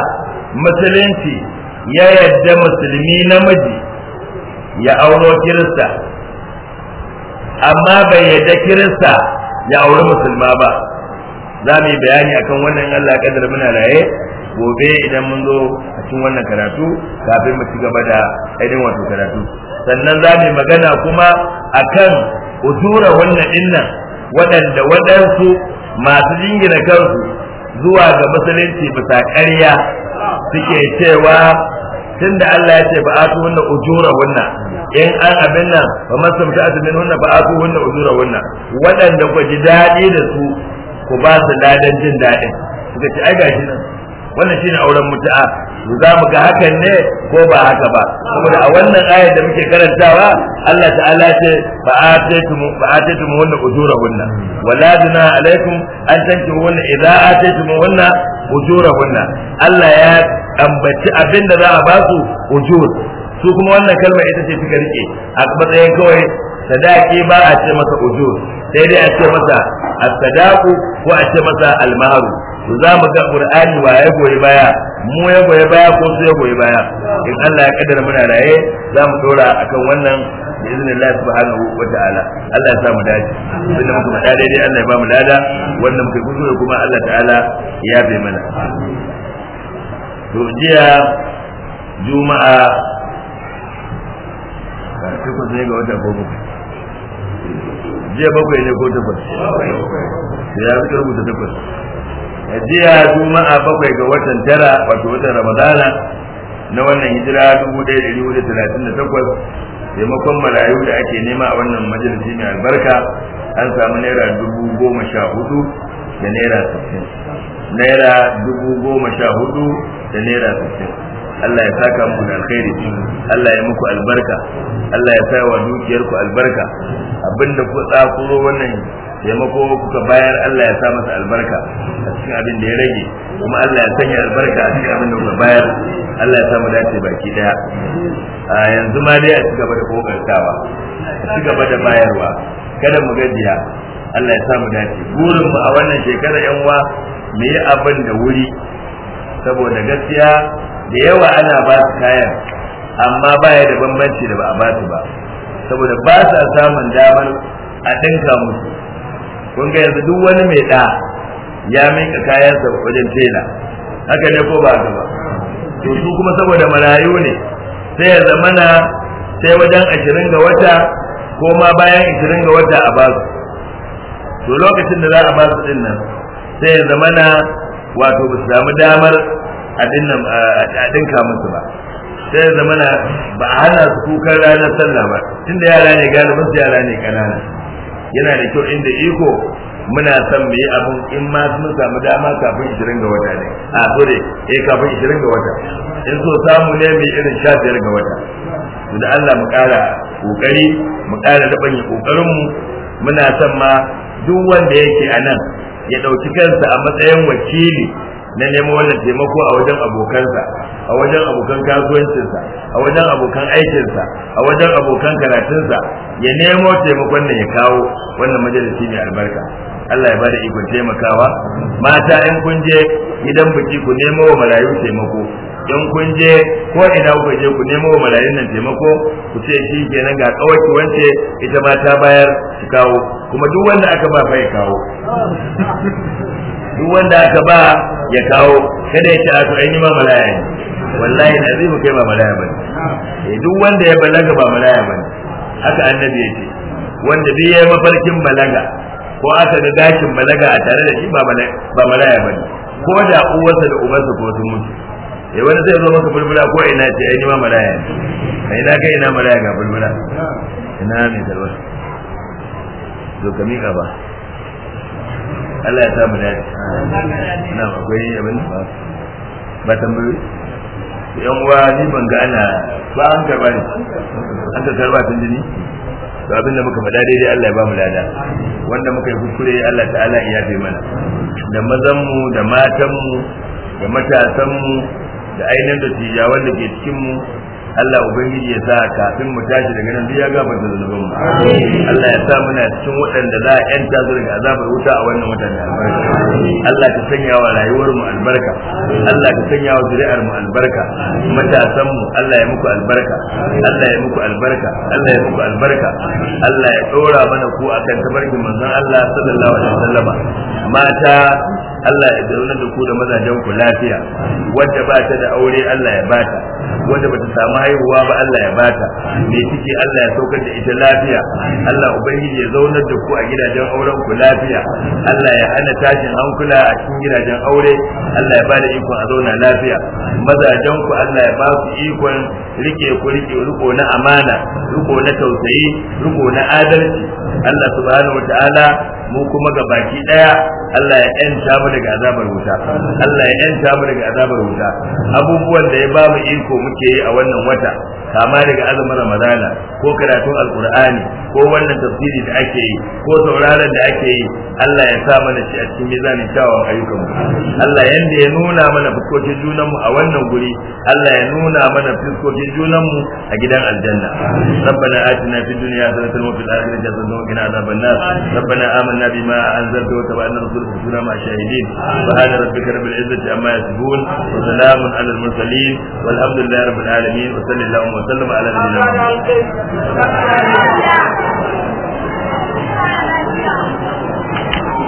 Speaker 1: musulunci ya yadda musulmi namiji ya auro kirista amma bai yadda kirista ya auri musulma ba za mu yi bayani akan wannan Allah kadar muna raye gobe idan mun zo a cikin wannan karatu kafin mu ci gaba da aidin wato karatu sannan za mu yi magana kuma akan usura wannan dinnan waɗanda waɗansu masu jingina kansu zuwa ga musulunci bisa ƙarya suke cewa tunda Allah ya ce ba a ujura wannan in an abin nan ba masamta a tumin wannan ba a ujura wannan waɗanda ku ji daɗi da su ku ba su ladan jin daɗin suka ce ai gashi nan wannan shine auren mutu'a za mu ga hakan ne ko ba haka ba saboda a wannan ayar da muke karantawa Allah ta'ala ce fa ataytum mu wannan ujura wannan wala junaha alaikum an tanki wannan idza ataytum wannan ujurahunna Allah ya ambaci abin da za a ba su ujur su kuma wannan kalma ita ce suka rike a matsayin kawai sadaki ba a ce masa ujur sai dai a ce masa as-sadaqu ko a ce masa al-mahru za mu ga qur'ani wa ya goyi baya mu ya goyi baya ko su ya goyi baya in Allah ya kaddara muna raye za mu dora akan wannan bi iznillah subhanahu wa ta'ala Allah ya sa mu dace wanda muka faɗa daidai Allah ya ba mu lada wanda muka kuskure kuma Allah ta'ala ya bai to jiya juma'a takwas ne ga wata bakwai jiya bakwai ne ko takwas ya rubuta takwas jiya juma'a bakwai ga watan tara wato watan ramadana na wannan hijira dubu ɗaya ɗari hudu talatin da takwas taimakon malayu da ake nema a wannan majalisi mai albarka an samu naira dubu goma sha hudu da naira sittin naira dubu goma sha hudu da naira sittin Allah ya saka muku da alkhairi Allah ya muku albarka Allah ya sa wa dukiyarku albarka abinda ku tsakuro wannan taimako kuka bayar Allah ya sa masa albarka a cikin abin da ya rage kuma Allah ya sanya albarka a cikin abin da kuka bayar Allah ya sa mu dace baki daya a yanzu ma dai a ci gaba da kokartawa a ci gaba da bayarwa kada mu gajiya Allah ya sa mu dace burin mu a wannan shekarar yan uwa mu yi abin da wuri saboda gaskiya da yawa ana ba su kayan amma baya da bambanci da ba a ba su ba saboda ba sa samun damar a dinka musu kun ga yanzu duk wani mai da ya mika kayansa wajen tela haka ne ko ba haka ba to su kuma saboda marayu ne sai ya zamana sai wajen 20 ga wata ko ma bayan 20 ga wata a basu to lokacin da za a basu din nan sai ya zamana wato ba su samu damar a dinka musu ba sai ya zamana ba a hana su kukan ranar sallah ba tunda yara ne gane musu yara ne kanana yana da kyau inda iko muna son mu yi abin in ma sun samu dama kafin 20 ga wata ne a ne. eh kafin 20 ga wata in so samu ne mai irin 15 ga wata da Allah mu kara kokari mu kara dabanya kokarin mu muna son ma duk wanda yake a nan ya dauki kansa a matsayin wakili na nemo wannan taimako a wajen abokansa a wajen abokan kasuwancinsa a wajen abokan aikinsa a wajen abokan karatunsa ya nemo taimakon nan ya kawo wannan majalisi mai albarka Allah ya ba da ikon taimakawa mata in kun je gidan biki ku nemo wa marayu taimako in kun je ko ina kuka je ku nemo wa malayun nan taimako ku ce shi kenan ga kawai wance ita ma ta bayar su kawo kuma duk wanda aka ba fa ya kawo duk wanda aka ba ya kawo kada ya ce a to an yi ma malaya ne wallahi zai kai ba malaya bane eh, duk wanda ya balaga ba malaya bane aka annabi ya ce wanda duk yi mafarkin balaga ko aka ga gashin balaga a tare da shi ba ba ne bane ko da uwarsa da umarsa ko sun mutu ya eh, wani zai zo maka bulbula ko ina ce ai ma malaya ne ina kai ina malaya ga bulbula ina ne "Zo ka miƙa ba Allah ya samu dace na abin da ba ba yan uwa ni ban ga ana ba an karba ne an ka karba tun jini to abin da muka faɗa daidai Allah ya ba mu lada wanda muka yi kuskure Allah ta'ala ya fi mana da mazanmu da matanmu mu da matasan mu da ainihin da tijawan da ke cikin mu Allah ubangiji ya sa kafin mu tashi daga nan ya gafarta zanuban mu Allah ya sa muna cikin waɗanda za a yanta su daga azabar wuta a wannan watan da albarka Allah ka sanya wa rayuwar mu albarka Allah ka sanya wa zuri'ar mu albarka matasan mu Allah ya muku albarka Allah ya muku albarka Allah ya muku albarka Allah ya dora mana ku akan tabarkin manzon Allah sallallahu alaihi wasallama mata Allah ya zauna da ku da mazajen ku lafiya wadda ba ta da aure Allah ya bata wanda bata samu haihuwa ba Allah ya bata me kike Allah ya saukar da ita lafiya Allah ubangiji ya zaunar da ku a gidajen auren ku lafiya Allah ya hana tashin hankula a cikin gidajen aure Allah ya ba da ikon a zauna lafiya mazajen ku Allah ya ba ku ikon rike ku rike riko na amana riko na tausayi riko na adalci Allah subhanahu wataala mu kuma ga baki daya Allah ya yanta mu daga azabar wuta Allah ya yanta mu daga azabar wuta abubuwan da ya ba mu iko muke yi a wannan wata kama daga azumin ramadana ko karatun alkur'ani ko wannan tafsiri da ake yi ko sauraron da ake yi Allah ya sa mana shi a cikin mizanin kyawawan ayyukan Allah yanda ya nuna mana fuskokin junanmu a wannan guri Allah ya nuna mana fuskokin junanmu a gidan aljanna rabbana atina fid dunya hasanatan wa fil akhirati hasanatan wa qina adhaban nar rabbana amanna آمنا بما أنزلت وتبعنا رسولك كنا مع الشاهدين سبحان ربك رب العزة عما يصفون وسلام على المرسلين والحمد لله رب العالمين وصلى اللهم وسلم على نبينا
Speaker 2: محمد